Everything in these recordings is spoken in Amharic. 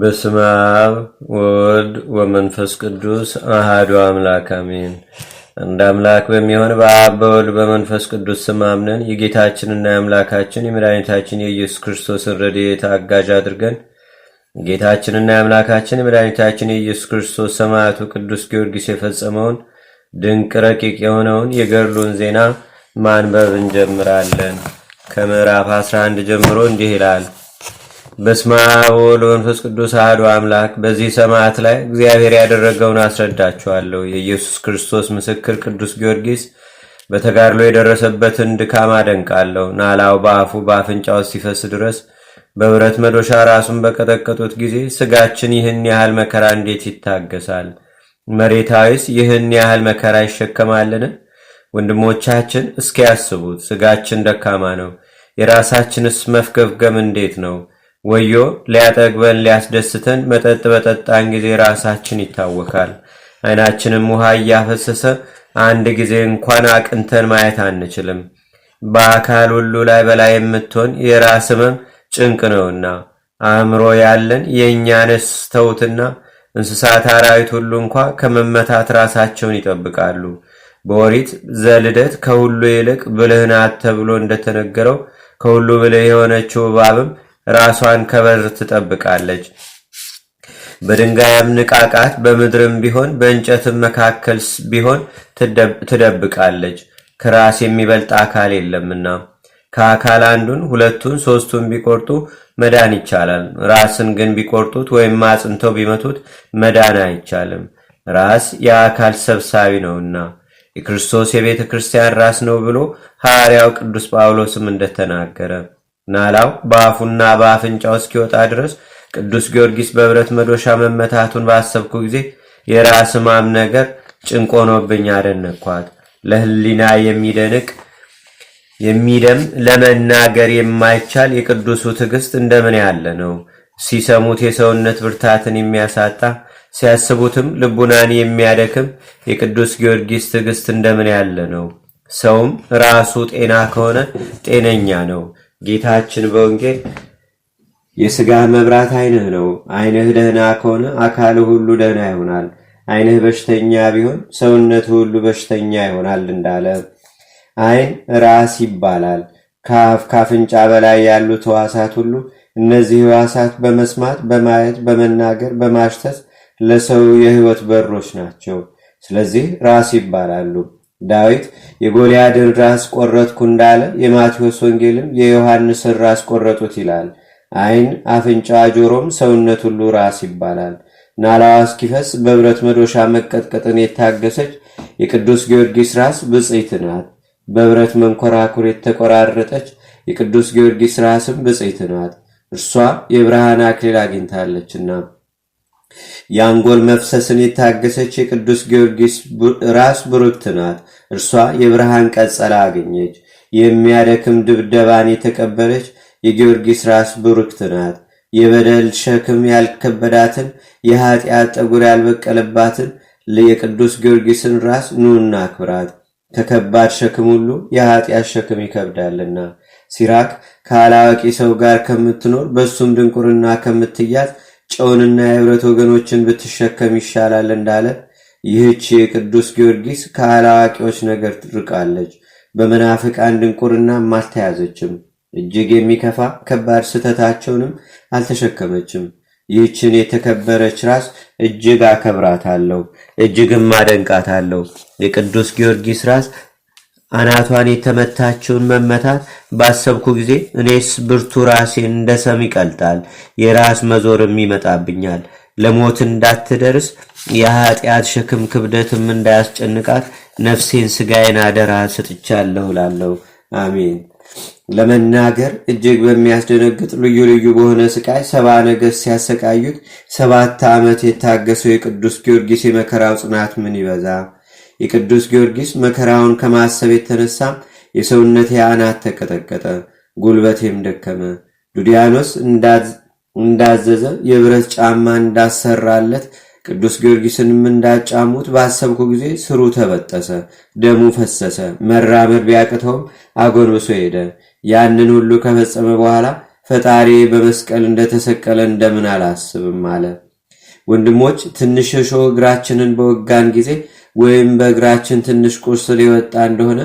በስመ አብ ወወልድ ወመንፈስ ቅዱስ አህዱ አምላክ አሜን። እንደ አምላክ በሚሆን በአብ በወልድ በመንፈስ ቅዱስ ስም አምነን የጌታችንና የአምላካችን የመድኃኒታችን የኢየሱስ ክርስቶስን ረድኤት አጋዥ አድርገን ጌታችንና የአምላካችን የመድኃኒታችን የኢየሱስ ክርስቶስ ሰማዕቱ ቅዱስ ጊዮርጊስ የፈጸመውን ድንቅ ረቂቅ የሆነውን የገድሉን ዜና ማንበብ እንጀምራለን። ከምዕራፍ 11 ጀምሮ እንዲህ ይላል። በስመ አብ ወወልድ ወመንፈስ ቅዱስ አሐዱ አምላክ። በዚህ ሰማዕት ላይ እግዚአብሔር ያደረገውን አስረዳችኋለሁ። የኢየሱስ ክርስቶስ ምስክር ቅዱስ ጊዮርጊስ በተጋድሎ የደረሰበትን ድካም አደንቃለሁ። ናላው በአፉ በአፍንጫው ሲፈስ ድረስ በብረት መዶሻ ራሱን በቀጠቀጡት ጊዜ ስጋችን ይህን ያህል መከራ እንዴት ይታገሳል? መሬታዊስ ይህን ያህል መከራ ይሸከማልን? ወንድሞቻችን እስኪያስቡት፣ ስጋችን ደካማ ነው። የራሳችንስ መፍገፍገም እንዴት ነው? ወዮ ሊያጠግበን ሊያስደስተን መጠጥ በጠጣን ጊዜ ራሳችን ይታወካል። አይናችንም ውሃ እያፈሰሰ አንድ ጊዜ እንኳን አቅንተን ማየት አንችልም። በአካል ሁሉ ላይ በላይ የምትሆን የራስ መም ጭንቅ ነውና አእምሮ ያለን የእኛ ነስተውትና እንስሳት አራዊት ሁሉ እንኳ ከመመታት ራሳቸውን ይጠብቃሉ። በወሪት ዘልደት ከሁሉ ይልቅ ብልህ ናት ተብሎ እንደተነገረው ከሁሉ ብልህ የሆነችው እባብም ራሷን ከበር ትጠብቃለች። በድንጋያም ንቃቃት በምድርም ቢሆን በእንጨትም መካከል ቢሆን ትደብቃለች። ከራስ የሚበልጥ አካል የለምና ከአካል አንዱን ሁለቱን ሶስቱን ቢቆርጡ መዳን ይቻላል። ራስን ግን ቢቆርጡት ወይም አጽንተው ቢመቱት መዳን አይቻልም። ራስ የአካል ሰብሳቢ ነውና የክርስቶስ የቤተ ክርስቲያን ራስ ነው ብሎ ሐዋርያው ቅዱስ ጳውሎስም እንደተናገረ ናላው በአፉና በአፍንጫው እስኪወጣ ድረስ ቅዱስ ጊዮርጊስ በብረት መዶሻ መመታቱን ባሰብኩ ጊዜ የራስ ማም ነገር ጭንቅ ሆኖብኝ አደነኳት። ለህሊና የሚደንቅ የሚደም ለመናገር የማይቻል የቅዱሱ ትዕግስት እንደምን ያለ ነው! ሲሰሙት የሰውነት ብርታትን የሚያሳጣ ሲያስቡትም ልቡናን የሚያደክም የቅዱስ ጊዮርጊስ ትዕግስት እንደምን ያለ ነው! ሰውም ራሱ ጤና ከሆነ ጤነኛ ነው። ጌታችን በወንጌል የሥጋ መብራት አይንህ ነው፣ አይንህ ደህና ከሆነ አካል ሁሉ ደህና ይሆናል፣ አይንህ በሽተኛ ቢሆን ሰውነት ሁሉ በሽተኛ ይሆናል እንዳለ አይን ራስ ይባላል። ካፍ ከአፍንጫ በላይ ያሉት ህዋሳት ሁሉ እነዚህ ህዋሳት በመስማት በማየት በመናገር በማሽተት ለሰው የህይወት በሮች ናቸው። ስለዚህ ራስ ይባላሉ። ዳዊት የጎልያድን ራስ ቆረጥኩ እንዳለ የማቴዎስ ወንጌልም የዮሐንስን ራስ ቆረጡት ይላል። ዓይን፣ አፍንጫ፣ ጆሮም ሰውነት ሁሉ ራስ ይባላል። ናላዋ እስኪፈስ በብረት መዶሻ መቀጥቀጥን የታገሰች የቅዱስ ጊዮርጊስ ራስ ብጽይት ናት። በብረት መንኮራኩር የተቆራረጠች የቅዱስ ጊዮርጊስ ራስም ብጽይት ናት። እርሷ የብርሃን አክሊል አግኝታለችና የአንጎል መፍሰስን የታገሰች የቅዱስ ጊዮርጊስ ራስ ብሩክት ናት። እርሷ የብርሃን ቀጸላ አገኘች። የሚያደክም ድብደባን የተቀበለች የጊዮርጊስ ራስ ብሩክት ናት። የበደል ሸክም ያልከበዳትን የኃጢአት ጠጉር ያልበቀለባትን የቅዱስ ጊዮርጊስን ራስ ኑና አክብራት። ከከባድ ሸክም ሁሉ የኃጢአት ሸክም ይከብዳልና። ሲራክ ከአላዋቂ ሰው ጋር ከምትኖር በሱም ድንቁርና ከምትያዝ ጨውንና የህብረት ወገኖችን ብትሸከም ይሻላል እንዳለ ይህች የቅዱስ ጊዮርጊስ ከአላዋቂዎች ነገር ትርቃለች በመናፍቃን ድንቁርና አልተያዘችም። እጅግ የሚከፋ ከባድ ስህተታቸውንም አልተሸከመችም። ይህችን የተከበረች ራስ እጅግ አከብራታለሁ፣ እጅግም አደንቃታለሁ። የቅዱስ ጊዮርጊስ ራስ አናቷን የተመታችውን መመታት ባሰብኩ ጊዜ እኔስ ብርቱ ራሴን እንደ ሰም ይቀልጣል፣ የራስ መዞርም ይመጣብኛል። ለሞት እንዳትደርስ የኃጢአት ሸክም ክብደትም እንዳያስጨንቃት ነፍሴን ስጋዬን አደራ ሰጥቻለሁ እላለሁ። አሜን። ለመናገር እጅግ በሚያስደነግጥ ልዩ ልዩ በሆነ ስቃይ ሰባ ነገሥት ሲያሰቃዩት ሰባት ዓመት የታገሰው የቅዱስ ጊዮርጊስ የመከራው ጽናት ምን ይበዛ! የቅዱስ ጊዮርጊስ መከራውን ከማሰብ የተነሳ የሰውነት አናት ተቀጠቀጠ፣ ጉልበቴም ደከመ። ዱዲያኖስ እንዳዘዘ የብረት ጫማ እንዳሰራለት ቅዱስ ጊዮርጊስንም እንዳጫሙት ባሰብኩ ጊዜ ስሩ ተበጠሰ፣ ደሙ ፈሰሰ። መራመድ ቢያቅተውም አጎንብሶ ሄደ። ያንን ሁሉ ከፈጸመ በኋላ ፈጣሪ በመስቀል እንደተሰቀለ እንደምን አላስብም አለ። ወንድሞች ትንሽ እሾህ እግራችንን በወጋን ጊዜ ወይም በእግራችን ትንሽ ቁስል የወጣ እንደሆነ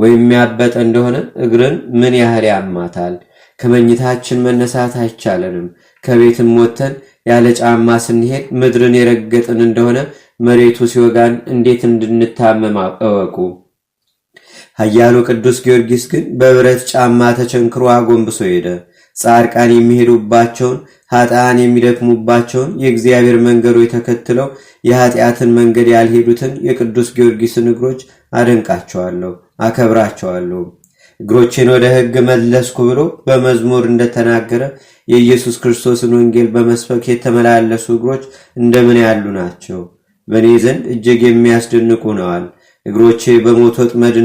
ወይም ያበጠ እንደሆነ እግርን ምን ያህል ያማታል? ከመኝታችን መነሳት አይቻለንም። ከቤትም ወጥተን ያለ ጫማ ስንሄድ ምድርን የረገጥን እንደሆነ መሬቱ ሲወጋን እንዴት እንድንታመም እወቁ። ኃያሉ ቅዱስ ጊዮርጊስ ግን በብረት ጫማ ተቸንክሮ አጎንብሶ ሄደ። ጻድቃን የሚሄዱባቸውን ኃጥአን የሚደክሙባቸውን የእግዚአብሔር መንገዶች ተከትለው የኃጢአትን መንገድ ያልሄዱትን የቅዱስ ጊዮርጊስን እግሮች አደንቃቸዋለሁ፣ አከብራቸዋለሁ። እግሮቼን ወደ ህግ መለስኩ ብሎ በመዝሙር እንደተናገረ የኢየሱስ ክርስቶስን ወንጌል በመስበክ የተመላለሱ እግሮች እንደምን ያሉ ናቸው! በእኔ ዘንድ እጅግ የሚያስደንቁ ነዋል። እግሮቼ በሞት ወጥመድ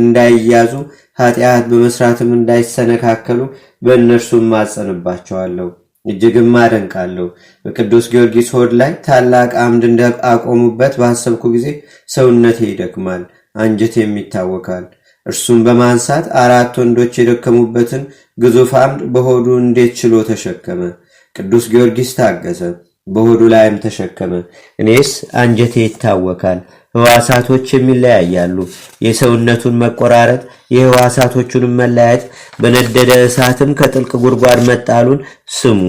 እንዳይያዙ ኃጢአት በመስራትም እንዳይሰነካከሉ በእነርሱም ማጸንባቸዋለሁ፣ እጅግም አደንቃለሁ። በቅዱስ ጊዮርጊስ ሆድ ላይ ታላቅ አምድ እንዳቆሙበት ባሰብኩ ጊዜ ሰውነቴ ይደክማል፣ አንጀቴም ይታወካል። እርሱም በማንሳት አራት ወንዶች የደከሙበትን ግዙፍ አምድ በሆዱ እንዴት ችሎ ተሸከመ? ቅዱስ ጊዮርጊስ ታገሰ፣ በሆዱ ላይም ተሸከመ። እኔስ አንጀቴ ይታወካል ህዋሳቶች የሚለያያሉ የሰውነቱን መቆራረጥ፣ የህዋሳቶቹንም መለያየት፣ በነደደ እሳትም ከጥልቅ ጉድጓድ መጣሉን ስሙ።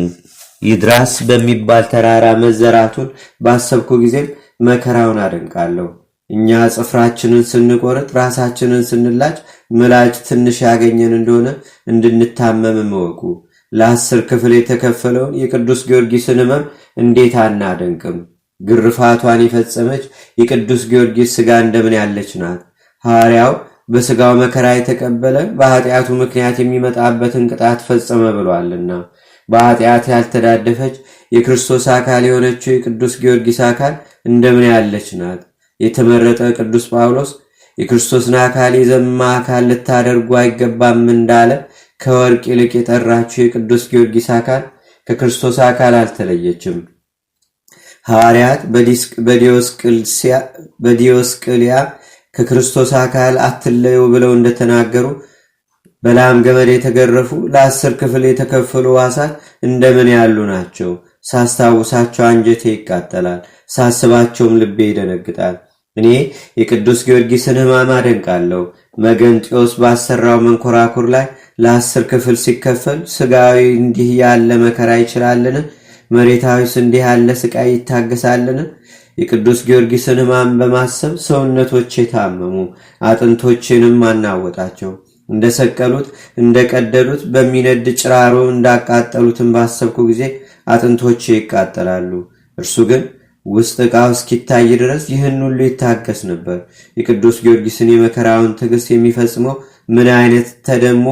ይድራስ በሚባል ተራራ መዘራቱን ባሰብኩ ጊዜም መከራውን አደንቃለሁ። እኛ ጽፍራችንን ስንቆርጥ፣ ራሳችንን ስንላጭ፣ ምላጭ ትንሽ ያገኘን እንደሆነ እንድንታመም እወቁ። ለአስር ክፍል የተከፈለውን የቅዱስ ጊዮርጊስን ህመም እንዴት አናደንቅም? ግርፋቷን የፈጸመች የቅዱስ ጊዮርጊስ ሥጋ እንደምን ያለች ናት። ሐዋርያው በሥጋው መከራ የተቀበለ በኃጢአቱ ምክንያት የሚመጣበትን ቅጣት ፈጸመ ብሏልና በኃጢአት ያልተዳደፈች የክርስቶስ አካል የሆነችው የቅዱስ ጊዮርጊስ አካል እንደምን ያለች ናት። የተመረጠ ቅዱስ ጳውሎስ የክርስቶስን አካል የዘማ አካል ልታደርጉ አይገባም እንዳለ ከወርቅ ይልቅ የጠራችው የቅዱስ ጊዮርጊስ አካል ከክርስቶስ አካል አልተለየችም። ሐዋርያት በዲዮስቅልያ ከክርስቶስ አካል አትለዩ ብለው እንደተናገሩ በላም ገመድ የተገረፉ ለአስር ክፍል የተከፈሉ ዋሳት እንደምን ያሉ ናቸው? ሳስታውሳቸው አንጀቴ ይቃጠላል፣ ሳስባቸውም ልቤ ይደነግጣል። እኔ የቅዱስ ጊዮርጊስን ሕማም አደንቃለሁ። መገንጢዮስ ባሰራው መንኮራኩር ላይ ለአስር ክፍል ሲከፈል ስጋዊ እንዲህ ያለ መከራ ይችላልን? መሬታዊ ስንዴ ያለ ስቃይ ይታገሳልን? የቅዱስ ጊዮርጊስን ሕማም በማሰብ ሰውነቶቼ ታመሙ፣ አጥንቶቼንም አናወጣቸው። እንደሰቀሉት እንደቀደሉት በሚነድ ጭራሮ እንዳቃጠሉትን ባሰብኩ ጊዜ አጥንቶቼ ይቃጠላሉ። እርሱ ግን ውስጥ ዕቃው እስኪታይ ድረስ ይህን ሁሉ ይታገስ ነበር። የቅዱስ ጊዮርጊስን የመከራውን ትዕግሥት የሚፈጽመው ምን አይነት ተደሞ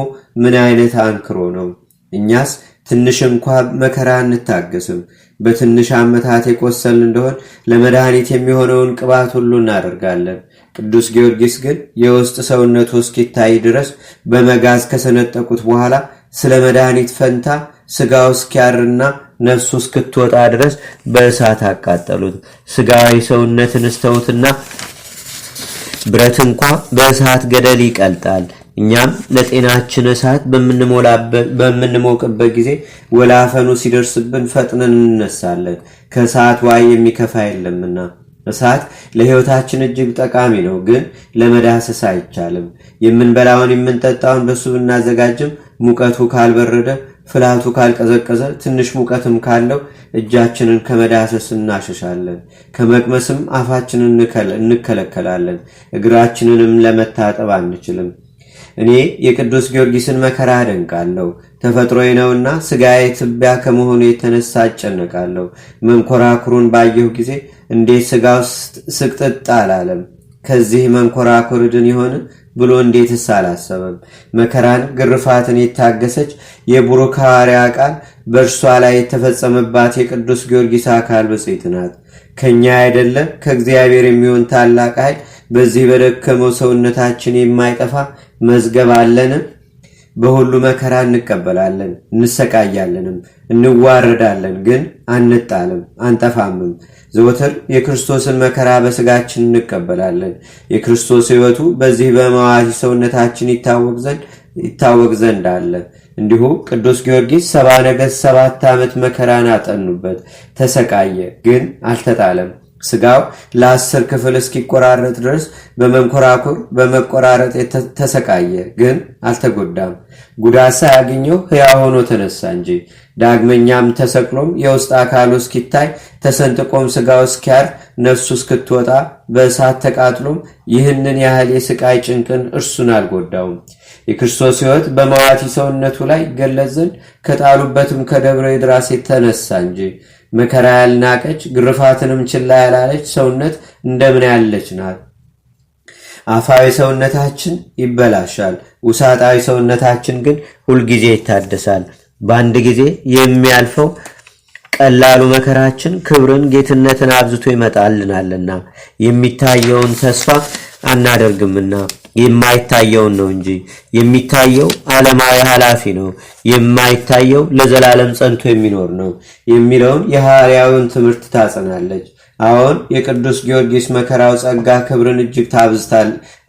ምን አይነት አንክሮ ነው? እኛስ ትንሽ እንኳ መከራ እንታገስም። በትንሽ ዓመታት የቆሰል እንደሆን ለመድኃኒት የሚሆነውን ቅባት ሁሉ እናደርጋለን። ቅዱስ ጊዮርጊስ ግን የውስጥ ሰውነቱ እስኪታይ ድረስ በመጋዝ ከሰነጠቁት በኋላ ስለ መድኃኒት ፈንታ ስጋው እስኪያርና ነፍሱ እስክትወጣ ድረስ በእሳት አቃጠሉት። ስጋዊ ሰውነትን እስተውትና ብረት እንኳ በእሳት ገደል ይቀልጣል። እኛም ለጤናችን እሳት በምንሞቅበት ጊዜ ወላፈኑ ሲደርስብን ፈጥነን እንነሳለን፣ ከእሳት ዋይ የሚከፋ የለምና። እሳት ለሕይወታችን እጅግ ጠቃሚ ነው፣ ግን ለመዳሰስ አይቻልም። የምንበላውን የምንጠጣውን በሱ ብናዘጋጅም ሙቀቱ ካልበረደ፣ ፍላቱ ካልቀዘቀዘ፣ ትንሽ ሙቀትም ካለው እጃችንን ከመዳሰስ እናሸሻለን፣ ከመቅመስም አፋችንን እንከለከላለን፣ እግራችንንም ለመታጠብ አንችልም። እኔ የቅዱስ ጊዮርጊስን መከራ አደንቃለሁ። ተፈጥሮዬ ነውና ስጋዬ ትቢያ ከመሆኑ የተነሳ አጨነቃለሁ። መንኮራኩሩን ባየሁ ጊዜ እንዴት ስጋ ውስጥ ስቅጥጥ አላለም? ከዚህ መንኮራኩር ድን ይሆን ብሎ እንዴትስ አላሰበም? መከራን ግርፋትን የታገሰች የቡሩክ ሐዋርያ ቃል በእርሷ ላይ የተፈጸመባት የቅዱስ ጊዮርጊስ አካል ብፅዕት ናት። ከእኛ አይደለም ከእግዚአብሔር የሚሆን ታላቅ ኃይል በዚህ በደከመው ሰውነታችን የማይጠፋ መዝገብ አለንም። በሁሉ መከራ እንቀበላለን፣ እንሰቃያለንም፣ እንዋረዳለን፣ ግን አንጣልም፣ አንጠፋምም። ዘወትር የክርስቶስን መከራ በስጋችን እንቀበላለን። የክርስቶስ ሕይወቱ በዚህ በመዋቲ ሰውነታችን ይታወቅ ዘንድ አለ። እንዲሁ ቅዱስ ጊዮርጊስ ሰባ ነገሥት ሰባት ዓመት መከራን አጠኑበት፣ ተሰቃየ፣ ግን አልተጣለም። ስጋው ለአስር ክፍል እስኪቆራረጥ ድረስ በመንኮራኩር በመቆራረጥ ተሰቃየ፣ ግን አልተጎዳም። ጉዳት ሳያገኘው ሕያው ሆኖ ተነሳ እንጂ። ዳግመኛም ተሰቅሎም የውስጥ አካሉ እስኪታይ ተሰንጥቆም ስጋው እስኪያር ነፍሱ እስክትወጣ በእሳት ተቃጥሎም ይህንን ያህል የስቃይ ጭንቅን እርሱን አልጎዳውም። የክርስቶስ ሕይወት በመዋቲ ሰውነቱ ላይ ገለጽ ዘንድ ከጣሉበትም ከደብረ ድራሴ ተነሳ እንጂ መከራ ያልናቀች ግርፋትንም ችላ ያላለች ሰውነት እንደምን ያለች ናት? አፋዊ ሰውነታችን ይበላሻል፣ ውሳጣዊ ሰውነታችን ግን ሁልጊዜ ይታደሳል። በአንድ ጊዜ የሚያልፈው ቀላሉ መከራችን ክብርን፣ ጌትነትን አብዝቶ ይመጣልናልና የሚታየውን ተስፋ አናደርግምና የማይታየውን ነው እንጂ የሚታየው ዓለማዊ ኃላፊ ነው፣ የማይታየው ለዘላለም ጸንቶ የሚኖር ነው የሚለውን የሐዋርያውን ትምህርት ታጸናለች። አሁን የቅዱስ ጊዮርጊስ መከራው ጸጋ ክብርን እጅግ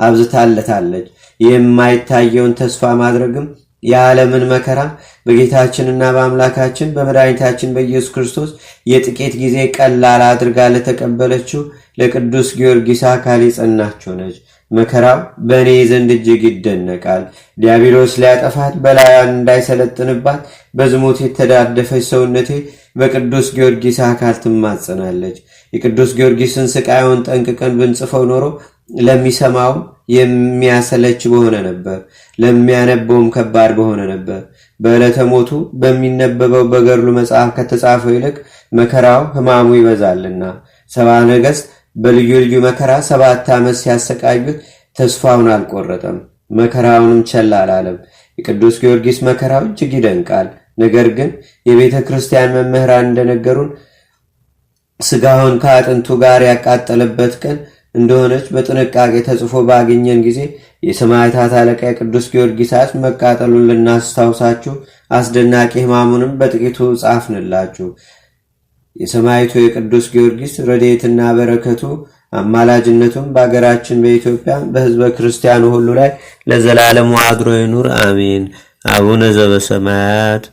አብዝታለታለች። የማይታየውን ተስፋ ማድረግም የዓለምን መከራ በጌታችንና በአምላካችን በመድኃኒታችን በኢየሱስ ክርስቶስ የጥቂት ጊዜ ቀላል አድርጋ ለተቀበለችው ለቅዱስ ጊዮርጊስ አካል የጸናች ነች። መከራው በእኔ ዘንድ እጅግ ይደነቃል። ዲያብሎስ ሊያጠፋት በላያን እንዳይሰለጥንባት በዝሙት የተዳደፈች ሰውነቴ በቅዱስ ጊዮርጊስ አካል ትማጸናለች። የቅዱስ ጊዮርጊስን ስቃዩን ጠንቅቀን ብንጽፈው ኖሮ ለሚሰማውም የሚያሰለች በሆነ ነበር፣ ለሚያነበውም ከባድ በሆነ ነበር። በዕለተ ሞቱ በሚነበበው በገድሉ መጽሐፍ ከተጻፈው ይልቅ መከራው ሕማሙ ይበዛልና ሰባ ነገሥት በልዩ ልዩ መከራ ሰባት ዓመት ሲያሰቃዩት ተስፋውን አልቆረጠም፣ መከራውንም ቸል አላለም። የቅዱስ ጊዮርጊስ መከራው እጅግ ይደንቃል። ነገር ግን የቤተ ክርስቲያን መምህራን እንደነገሩን ስጋውን ከአጥንቱ ጋር ያቃጠለበት ቀን እንደሆነች በጥንቃቄ ተጽፎ ባገኘን ጊዜ የሰማዕታት አለቃ የቅዱስ ጊዮርጊስ አጽ መቃጠሉን ልናስታውሳችሁ አስደናቂ ሕማሙንም በጥቂቱ ጻፍንላችሁ። የሰማዕቱ የቅዱስ ጊዮርጊስ ረዴትና በረከቱ አማላጅነቱም በአገራችን በኢትዮጵያ በሕዝበ ክርስቲያኑ ሁሉ ላይ ለዘላለሙ አድሮ ይኑር፣ አሜን። አቡነ ዘበሰማያት